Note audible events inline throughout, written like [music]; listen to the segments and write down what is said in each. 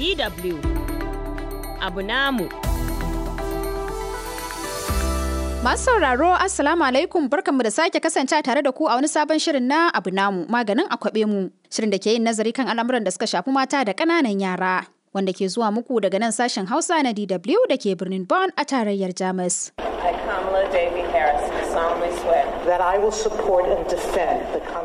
DW abu namu. Masu sauraro Assalamu alaikum barkanmu da sake kasance tare da ku a wani sabon shirin na abu namu maganin akwabe mu shirin da ke yin nazari kan al'amuran da suka shafi mata da ƙananan yara wanda ke zuwa muku daga nan sashen Hausa na DW da ke birnin Bonn a tarayyar Jamus.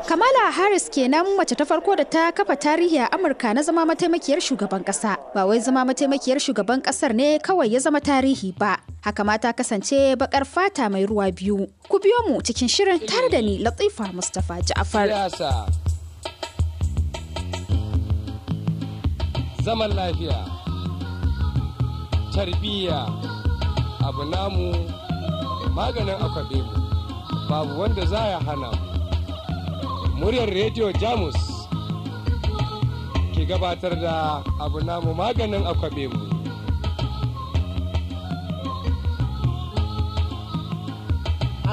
Kamala Harris kenan mace ta farko da ta kafa tarihi a Amurka na zama mataimakiyar shugaban kasa. Ba wai zama mataimakiyar shugaban kasar ne kawai ya zama tarihi ba. Haka mata kasance bakar fata mai ruwa biyu. Ku biyo mu cikin shirin tare da ni Latifa Mustapha Jafari. Zaman lafiya. Tarbiyya. Abu namu maganin akwabe mu babu wanda za ya hana mu muryar rediyo jamus ki gabatar da abu namu maganin akwabe mu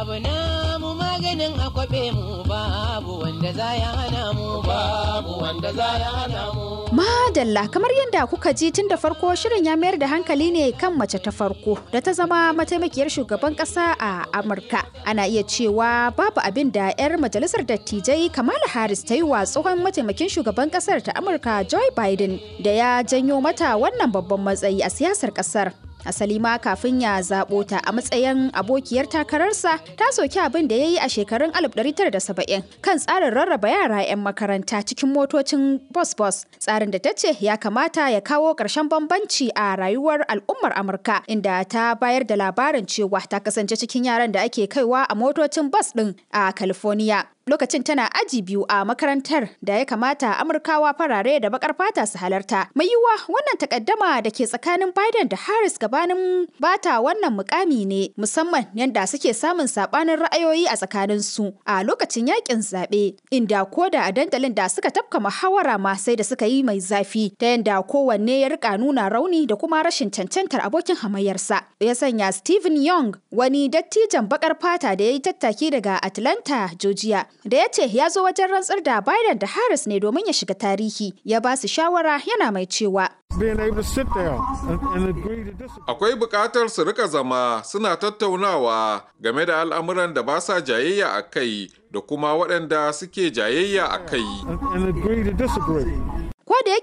abu na mu maganin akwabe mu babu wanda za ya hana mu babu wanda za ya hana mu madalla kamar yadda kuka ji tun da farko shirin ya mayar da hankali ne kan mace ta farko da ta zama mataimakiyar shugaban kasa a amurka ana iya cewa babu abin da 'yar majalisar dattijai kamala harris ta yi wa tsohon mataimakin shugaban kasar ta amurka joe biden da ya janyo mata wannan babban matsayi a siyasar kasar asali ma kafin ya zaɓo ta a matsayin abokiyar takararsa ta soki abin da ya yi a shekarun 1970 kan tsarin rarraba yara 'yan makaranta cikin motocin bus-bus tsarin da ta ce ya kamata ya kawo ƙarshen bambanci a rayuwar al'ummar amurka inda ta bayar da labarin cewa ta kasance cikin yaran da ake kaiwa a motocin bus ɗin a california lokacin tana aji biyu a makarantar da ya kamata amurkawa farare da bakar fata su halarta mai yiwuwa wannan takaddama da ke tsakanin biden da harris gabanin bata wannan mukami ne musamman yadda suke samun sabanin ra'ayoyi a tsakanin su a lokacin yakin zaɓe inda ko da a dandalin da suka tafka muhawara ma sai da suka yi mai zafi ta yadda kowanne ya rika nuna rauni da kuma rashin cancantar abokin hamayyarsa ya sanya stephen young wani dattijan bakar fata da ya yi tattaki daga atlanta georgia da ya ce ya zo wajen rantsar da Biden da Harris ne domin ya shiga tarihi ya ba su shawara yana mai cewa. Akwai bukatar su rika zama suna tattaunawa game da al'amuran da ba sa jayayya a kai da kuma waɗanda suke jayayya a kai.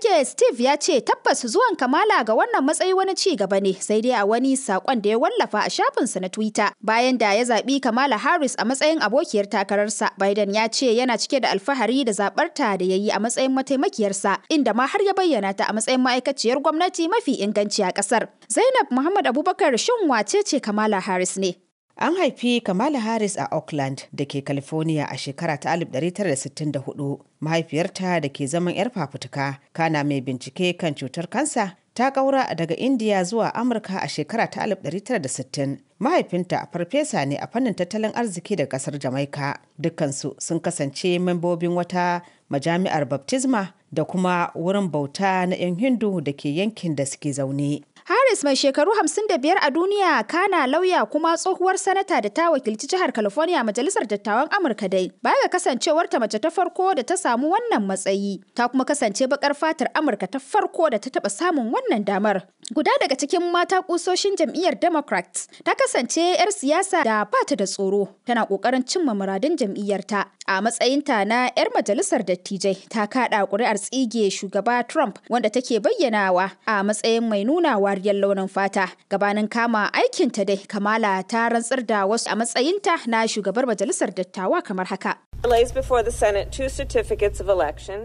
yake Steve ya ce tabbas zuwan Kamala ga wannan matsayi wani ci gaba ne sai dai a wani sakon da ya wallafa a shafinsa na Twitter bayan da ya zaɓi Kamala Harris a matsayin abokiyar takararsa Biden ya ce yana cike da alfahari da zaɓarta da ya yi a matsayin mataimakiyarsa inda ma har ya bayyana ta a matsayin ma'aikaciyar gwamnati mafi inganci a ƙasar. Zainab Muhammad Abubakar shin wace ce Kamala Harris ne? An haifi Kamala Harris a Auckland, da ke California a shekara ta 1964. Mahaifiyarta da ke zaman 'yar fafutuka, kana mai bincike kan cutar kansa, ta ƙaura daga India zuwa Amurka a shekara ta 1960. Mahaifinta farfesa ne a fannin tattalin arziki da ƙasar Jamaika. Dukkansu sun kasance membobin wata majami'ar baptisma da kuma wurin bauta na 'yan Hindu da ke yankin da suke zaune. Harris mai shekaru 55 a duniya kana lauya kuma tsohuwar sanata da ta wakilci jihar California majalisar dattawan Amurka dai. Baya ga kasancewarta mace ta farko da ta samu wannan matsayi, ta kuma kasance bakar fatar Amurka ta farko da ta taba samun wannan damar. Guda daga cikin mata kusoshin jam'iyyar Democrats ta kasance 'yar siyasa da ba ta da tsoro, tana ƙoƙarin cimma muradun jam'iyyarta. A matsayinta na 'yar majalisar dattijai ta kaɗa ƙuri'ar tsige shugaba Trump wanda take bayyanawa a matsayin mai nuna wariyar launin fata. Gabanin kama aikinta dai Kamala ta rantsar da wasu a matsayinta na shugabar majalisar dattawa kamar haka.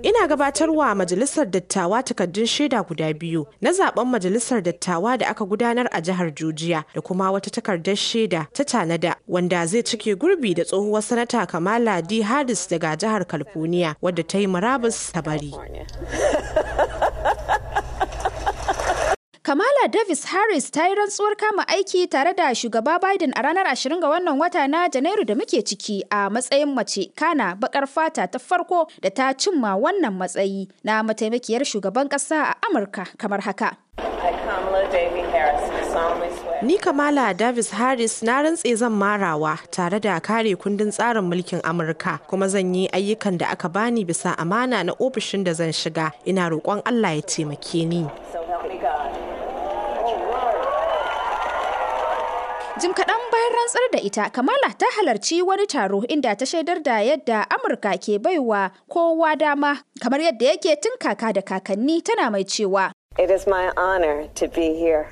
Ina gabatarwa Majalisar Dattawa takardun shaida guda biyu na zaben Majalisar Dattawa da aka gudanar a jihar Jujiya da kuma wata takardar shaida ta tanada wanda zai cike gurbi da tsohuwar sanata Kamala D. Harris daga jihar California wadda ta yi murabus ta bari. [laughs] Kamala Davis Harris ta yi rantsuwar kama aiki tare da shugaba Biden a ranar 20 ga wannan wata na Janairu da muke ciki a matsayin mace kana bakar fata ta farko da ta cimma wannan matsayi na mataimakiyar shugaban ƙasa a Amurka kamar haka. Ni Kamala Davis Harris na rantse zan marawa tare da kare kundin tsarin mulkin Amurka kuma zan yi ayyukan da aka bani bisa amana na ofishin da zan shiga ina roƙon Allah ya taimake ni. Jim kaɗan bayan rantsar da ita, Kamala ta halarci wani taro inda ta shaidar da yadda Amurka ke baiwa kowa dama kamar yadda yake tun kaka da kakanni tana mai cewa. It my honor to be here.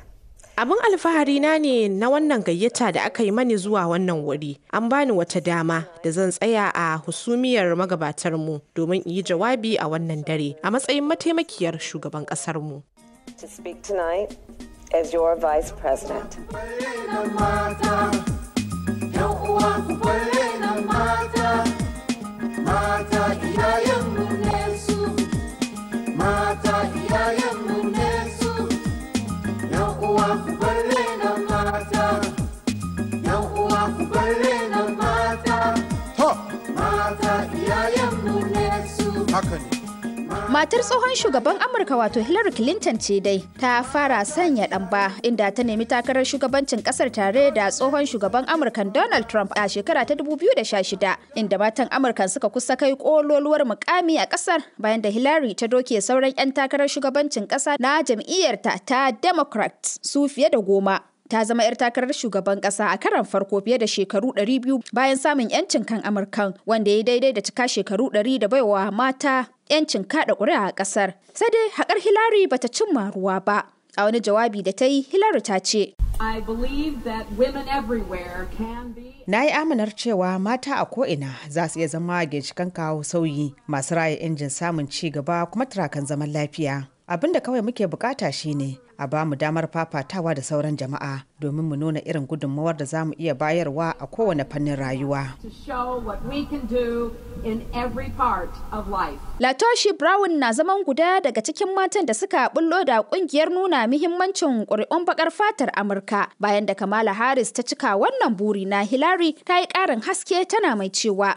Abin alfahari na ne na wannan gayyata da aka yi mani zuwa wannan wuri. An bani wata dama da zan tsaya a husumiyar magabatar mu domin yi jawabi a wannan dare a matsayin mataimakiyar shugaban ƙasarmu. mu. speak tonight. as your vice president. Matar tsohon shugaban Amurka wato Hillary Clinton ce dai ta fara sanya ɗanba inda ta nemi takarar shugabancin ƙasar tare da tsohon shugaban Amurkan Donald Trump a shekara ta 2016 inda matan Amurka suka kusa kai kololuwar mukami a ƙasar bayan da Hillary ta doke sauran 'yan takarar shugabancin ƙasa na jam'iyyarta ta Democrat su fiye da goma. ta zama 'yar takarar shugaban kasa a karan farko fiye da shekaru 200 bayan samun 'yancin kan Amurkan wanda ya daidai da cika shekaru 100 da baiwa mata 'yancin kada ƙuri'a a ƙasar. Sai dai haƙar Hillary bata cimma ruwa ba. A wani jawabi da ta yi, Hillary ta ce, Na yi amanar cewa mata a ko'ina za su iya zama ginshikan kawo sauyi masu raya injin samun ci gaba kuma turakan zaman lafiya. Abin da kawai muke bukata shine a ba mu damar fafatawa da sauran jama'a domin mu nuna irin gudunmawar da za mu iya bayarwa a kowane fannin rayuwa. Latoshi Brown na zaman guda daga cikin matan da suka bullo da kungiyar nuna muhimmancin ƙuri'un bakar fatar Amurka bayan da Kamala Harris ta cika wannan buri na Hillary ta yi ƙarin haske tana mai cewa.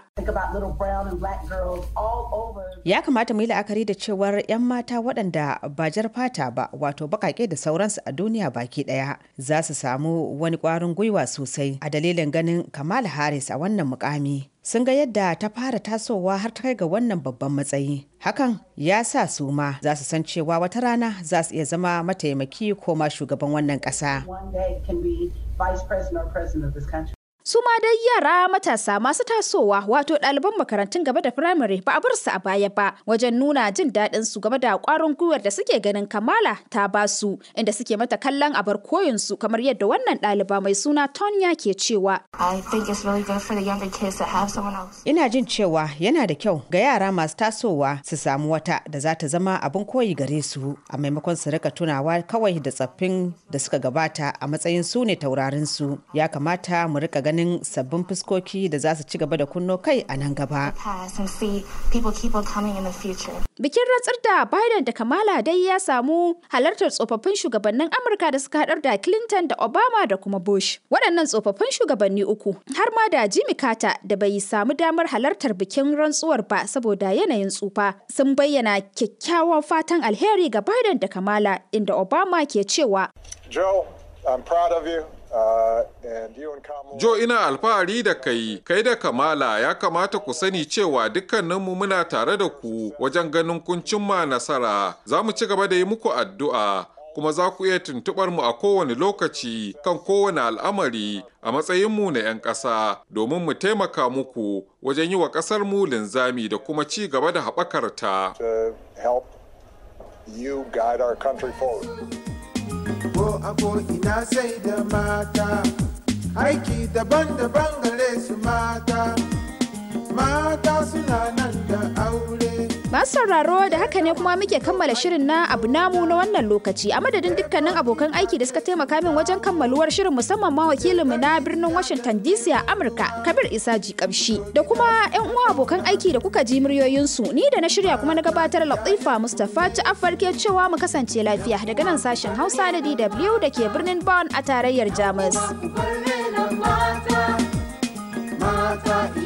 Ya kamata mu yi la'akari da cewar 'yan mata waɗanda ba jar fata ba wato baƙaƙe kai da sauransu a duniya baki ɗaya za su samu wani kwarin gwiwa sosai a dalilin ganin Kamala Harris a wannan mukami. Sun ga yadda ta fara tasowa har ta kai ga wannan babban matsayi. Hakan ya sa su ma za su san cewa wata rana za su iya zama mataimaki ko ma shugaban wannan ƙasa. Su ma dai yara matasa masu tasowa wato ɗaliban makarantun gaba da firamare ba a bar su a baya ba wajen nuna jin daɗin su gaba da ƙwarin gwiwar da suke ganin Kamala ta ba su inda suke mata kallon a bar koyin su kamar yadda wannan ɗaliba mai suna Tonya ke cewa. Ina jin cewa yana da kyau ga yara masu tasowa su samu wata da za ta zama abin koyi gare su a maimakon su rika tunawa kawai da tsaffin da suka gabata a matsayin su ne taurarin su ya kamata mu rika ganin ganin sabbin fuskoki da za su ci gaba da kunno kai a nan gaba. Bikin ratsar da Biden da Kamala dai ya samu halartar tsofaffin shugabannin Amurka da suka haɗar da Clinton da Obama da kuma Bush. Waɗannan tsofaffin shugabanni uku har ma da Jimmy Carter da bai samu damar halartar bikin rantsuwar ba saboda yanayin tsufa sun bayyana kyakkyawan fatan alheri ga Biden da Kamala inda Obama ke cewa. Joe, I'm proud of you. Uh, jo ina alfahari da kai, kai da Kamala ya kamata ku sani cewa dukkaninmu muna tare da ku wajen ganin kun cimma nasara. Za mu ci gaba da yi muku addu'a, kuma za ku iya tuntubar mu a kowane lokaci kan kowane al'amari a matsayinmu na 'yan ƙasa domin mu taimaka muku wajen yi wa ƙasar mu linzami da kuma ci gaba da haɓakarta. a ina sai da mata aiki daban-daban gare su mata mata suna nan da aure Masu sauraro da haka ne kuma muke kammala shirin na abu namu na wannan lokaci a madadin dukkanin abokan aiki da suka taimaka min wajen kammaluwar shirin musamman ma wakilinmu na birnin Washington DC a Amurka Kabir Isa ji kamshi da kuma yan uwa abokan aiki da kuka ji muryoyin su ni da na shirya kuma na gabatar Latifa Mustafa ta ke cewa mu kasance lafiya daga nan sashen Hausa na DW da ke birnin Bonn a tarayyar Jamus. Mata, mata,